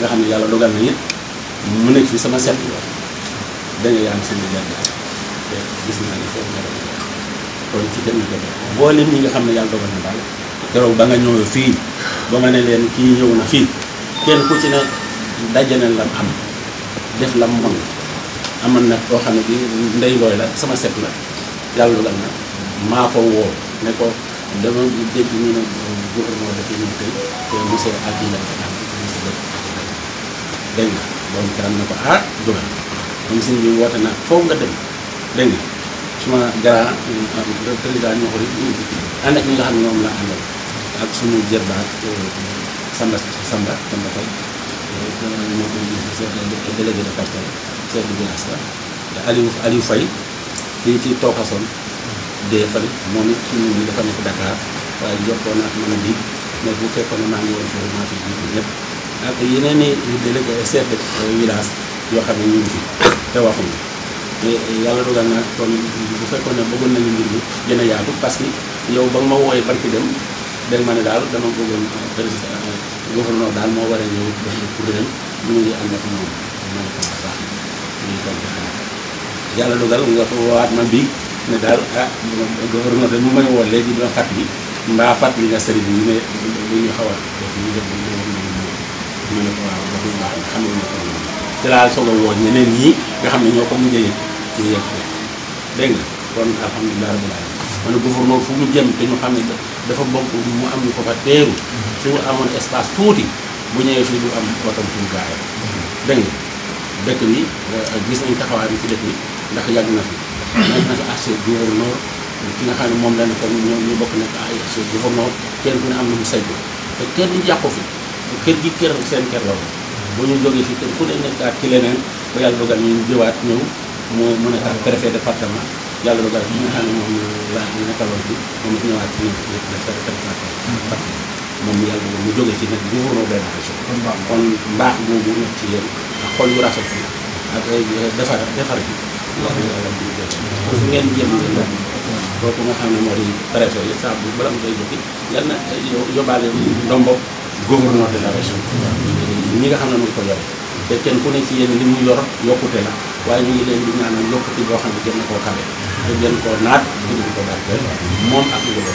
nga xam ne yàlla dogal na it mu nekk fi sama seetlu la da nga ci dem dem mboolem ñi nga xam ne yàlla dogal na daal keroog ba nga ñëw fii ba ma ne leen kii ñëw na fii kenn ku ci ne dajane lam am def lam mën amoon nag koo xam ne bi ndey looy la sama set la yàlla dogal na maa ko woo ne ko dama dégg ñu ne gouvernement dafa ñëw tey te monsieur Adji lañ ko dégg nga borom këram ne ko ah dugal moom sëñ bi woote na foofu nga dem dégg nga suma grand euh, président ñoo xam ne ànd ak ñi nga xam ne moom la ak suñu jërbaat euh, Samba Samba Samba Faye euh, ñoo koy jiite délégué de quartier chef de village fii ci tookasoon dee fan moom it suñu ñi dafa nekk Dakar waaye jokkoon ak man bi mais bu fekkoon ne maa ngi woon foofu maa fi jiitu ak yeneen i délégué chef de village yoo xam ne ñu ngi fi te waxuñu yàlla dogal bu fekkoon ne bëggoon mi gën a yaatu parce que yow ba nga ma wooyee barki dem del ma ne daal dama bëggoon euh, président euh, daal moo waree ñëw def pour dem ñu ngi ànd ak moom ma ne ko yàlla dogal nga ko waat ma bii ne daal ah de mu may woo léegi dina fàttali mbaa bi ñu ne lu ñu xaw a def ñu def ñu ne ko waaw ñeneen ñi nga xam ne ñoo ko mu yëg ñu yëg ko dégg nga mu jëm te ñu xam ne dafa bokk mu am ñu ko fa teeru su amoon espace tuuti bu ñëwee fii du am otom fu mu gaare dégg dëkk bi euh, gis nañ taxawaay bi ci dëkk bi ndax yàgg na fi yàgg na fi ki nga xam ne moom la ne comme ñoom ñu bokk nekk asse gouverneur kenn ku ne am na mu saytu te kenn du jàqu fi kër gi kër seen kër la bu ñu jógee si kër ku ne ci leneen ba yàlla dogal ñu jëwaat ñëw mu mu nekk ak préfet département yàlla dogal ñi nga xam ne moom la ñu nekkaloon bi moom it ñëwaat ci moom yàlla dogal mu jógee ci nag gouvernement benn kon mbaax boobu nekk ci yéen ak xol yu rafet bi ak defar defar bi loolu yàlla bu ñu jël kon fu ngeen jëm ngeen doon kooku gouverneur de la ñi nga xam ne mu ngi ko yor te kenn ku ne ci yéen li mu yor yokkute la waaye ñu ngi leen di ñaanal yokkute boo xam ne gën na koo kawe te gën koo naat gën ko barkeel moom ak ñu ko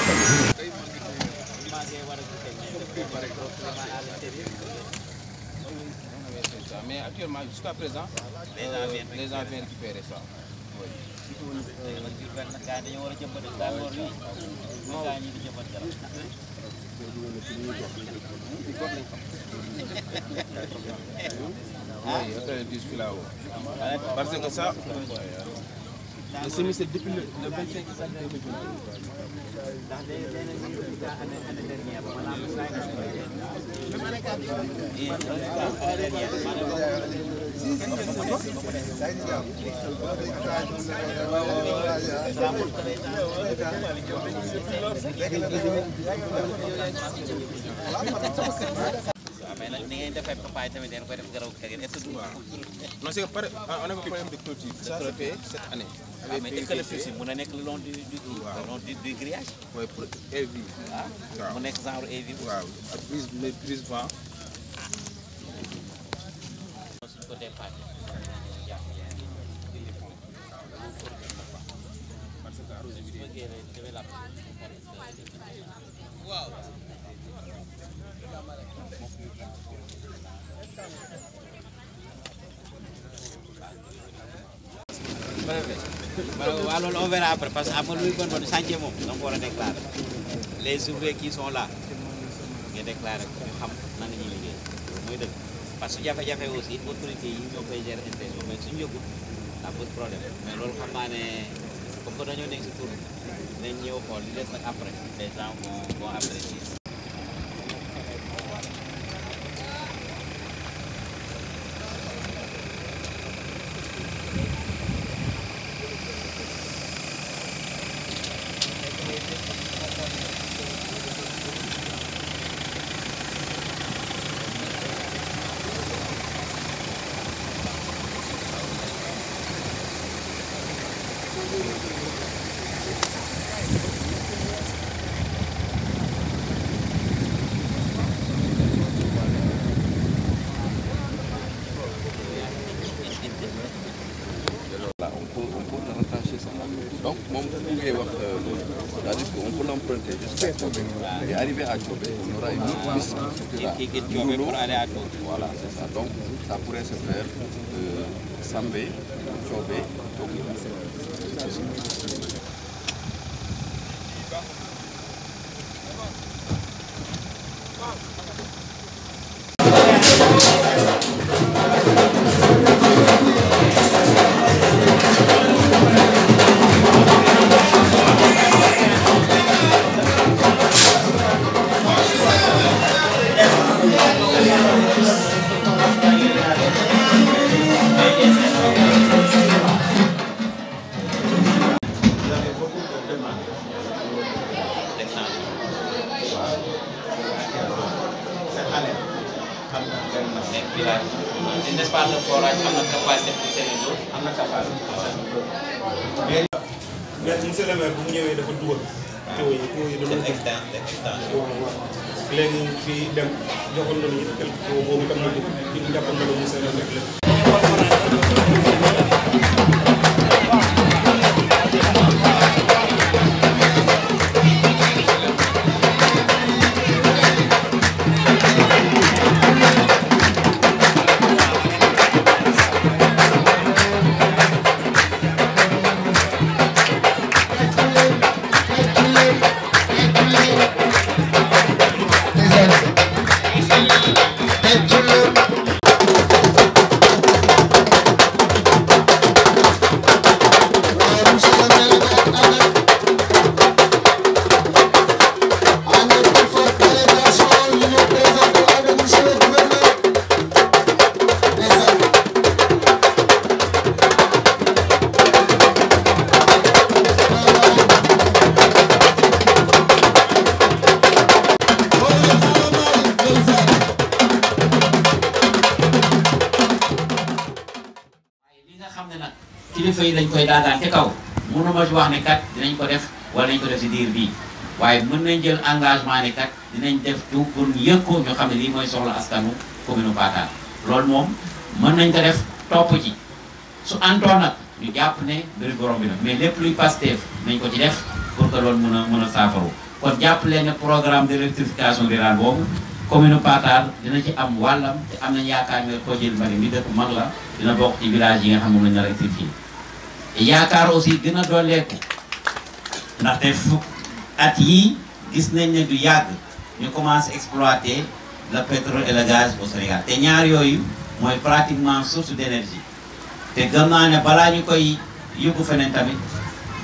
mais actuellement jusqu'à présent euh, les gens viennent récupérer ça Parce que ça, le semestre depuis le, le 25 janvier. mais nag ni ngeen defee papaay tamit da ngeen koy def garabu kër gi est-ce que. non c'est que par ah, on a un problème de clôture. ça se fait cette année. ah mais nekk le long du du kii. waaw le ah, mu nekk genre évi. waaw waaw waaw loolu on verra parce que am na luy bon bon chantier moom donc a déclarer les ouvriers qui sont là nga déclarer ko ñu xam nan parce que jafe-jafe aussi autorités yi ñoo koy gérer intérêt mais suñu yëgul ça pose problème mais loolu xam naa ne comme que dañoo nekk si tour nañ ñëw xool li des nag après les gens vont vont apprécier Et arrivé à Tchobé, on aura une autre piste qui quitte pour aller à Tchobé. Voilà, c'est ça. Donc, ça pourrait se faire de Sambé, Tchobé, Tokyo. am na benn nekk village n'est-ce pas le forage am na capacité pour seen mu ñëwee dafa dugal. taw yi taw yi dafa extension léegi dem joxoon nañu quelque chose boobu tam la dugg ci jàppoon na monsieur le maire kilifa yi koy daataan ca kaw mënu ma wax ne kat dinañ ko def wala nañ ko def si diir bii waaye mën nañ jël engagement ni kat dinañ def tout pour ñu yëg ko ñu xam ne lii mooy soxla askanu commune Patar lool moom mën nañ ko def topp ci su antoon nag ñu jàpp ne mbir borom bi mais lépp luy Pastef nañ ko ci def pour que lool mën a mën a saafaru kon jàpp leen ne programme de rectification rurale boobu commune Patar dina ci am wàllam te am nañ yaakaar la dina bokk ci village yi nga xam moom lañ na yaakaar aussi gën a dooleeku ndaxte fukk at yi gis nañ ne du yàgg ñu commencé exploiter le pétrole et le gaz au Sénégal te ñaar yooyu mooy pratiquement source d'énergie te gëm naa ne balaa ñu koy yóbbu feneen tamit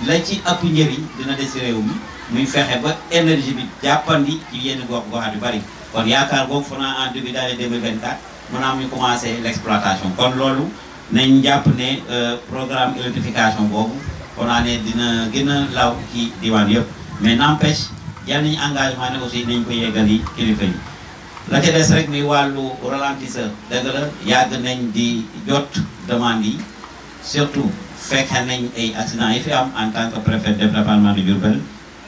la ci ëpp njëriñ dina des réew mi muy fexe ba énergie bi jàppandi ci yenn gox goxaan yu bari kon yaakaar boobu fanaa en début d'année 2024 mën naa am ñu commencé l'exploitation kon loolu nañ jàpp ne euh, programme électrification boobu on dina gën a law kii diwaan yëpp mais n'empêche jël nañu engagement ne aussi nañ ko yeggali kilifa yi la ca des rek muy wàllu ralentisseur dëgg la yàgg nañ di jot demande yi surtout fekkee nañ ay accidents yi fi am en tant que préfet département de Diourbel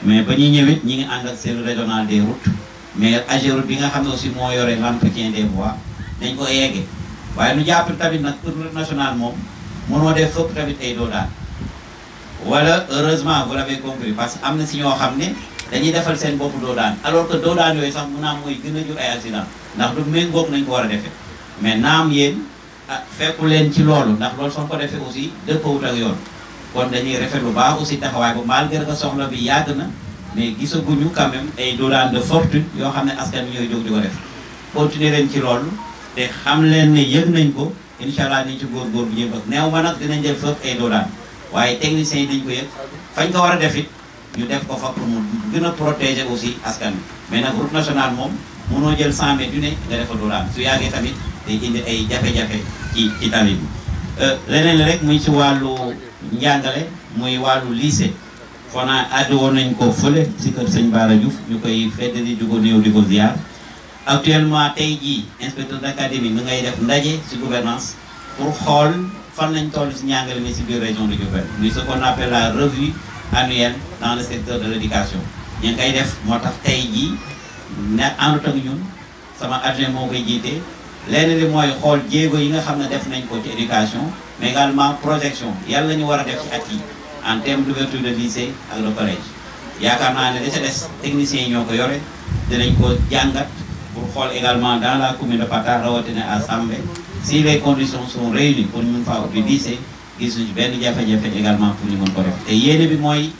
mais ba ñuy ñëwit ñi ngi ànd ak service régional des routes mais AGEROUTE bi nga xam ne aussi moo yore l'entretien des voies dañ ko yeggee waaye lu jàpp tamit nag pour national moom mënoo def fëpp tamit ay doo daan wala heureusement vous l'avez compris parce que am na si ñoo xam ne dañuy defal seen bopp doo daan alors que doo daan yooyu sax mu naam mooy gën a jur ay accident ndax du méngoog nañ ko war a defee mais naam yéen ah fekku leen ci loolu ndax loolu soo ko defee aussi dëppawut ak yoon kon dañuy rafetlu baax aussi taxawaay bu malgré que soxla bi yàgg na mais gisaguñu quand ay doo daan yoo xam ne askan ñooy jóg di ko def continuer leen ci loolu te xam leen ne yëg nañ ko incha allah niñ ci góorgóor bu ñuy bëgg neew ma nag dinañ def foofu ay doodaan waaye techniciens yi nañ ko yëg fañ ko war a def it ñu def ko fa pour mu gën a protéger aussi askan bi mais na route nationale moom mënoo jël 100 mètres yu ne nga def doodaan su yàggee tamit day indi ay jafe-jafe ci ci tali bi euh, leneen rek muy si wàllu njàngale muy wàllu lycée foo naa addi woon nañ ko fële si kër sëñ Bara Diouf ñu koy fedd di ko néew di ko ziar actuellement tey jii inspecteur d'académie mi ngay def ndaje ci gouvernance pour xool fan lañ toll ci njàngale mi ci biir région de Diourbel muy ce qu'on appelle la revue annuelle dans le secteur de l'éducation ñu ngi def moo tax tey jii ne àndut ak ñun sama adjoint moo koy jiite lenn li mooy xool jéego yi nga xam ne def nañ ko ci éducation mais également projection yàlla la ñu war a def ci at yi en terme d'ouverture de lycée ak de collège yaakaar naa ne da ca techniciens yi ko yore dinañ ko jàngat pour xool également dans la commune de Patar rawatina à Sambé si les conditions sont réunies pour ñu mën faa lycée gisuñu benn jafe-jafe également pour ñu mën ko def te yéene bi mooy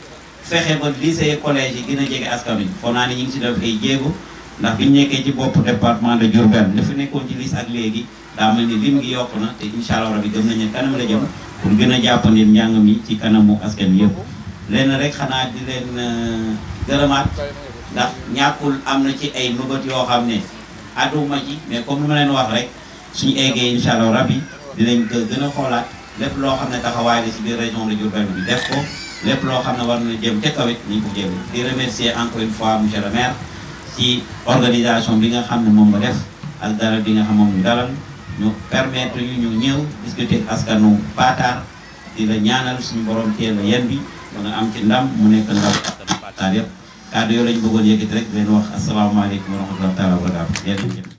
fexe ba lycée collège yi gën a jege askan wi foog naa ne ñu ngi si def ay jéego ndax bi nekkee ci bopp département de Diourbel li fi nekkoon ci lycée ak léegi daa mel ni lim gi yokk na te incha allah rabi gëm nañu kanam la jëm pour gën a jàppandi njàng mi ci kanamu askan yëpp lenn rek ndax ñàkkul am na ci ay mëbët yoo xam ne àdduma ci mais comme lu ma leen wax rek suñu eggee incha yi rabbi dinañ ko gën a xoolaat lépp loo xam ne taxawaay la ci biir région de Diourbel bi def ko lépp loo xam ne war na jëm ca kawit nañ ko jéem di remercier encore une fois monsieur le maire ci organisation bi nga xam ne moom nga def ak dalal bi nga xam moom ñu dalal ñu permettre ñu ñu ñëw discuter askanu Patar di la ñaanal suñu borom teel a yen bi ba nga am ci ndam mu nekk ndam askanu yëpp kàddu yoo lañ bëggoon yëkkati rek leen wax asalaamaaleykum wa rahmatulah taala wa barakaatu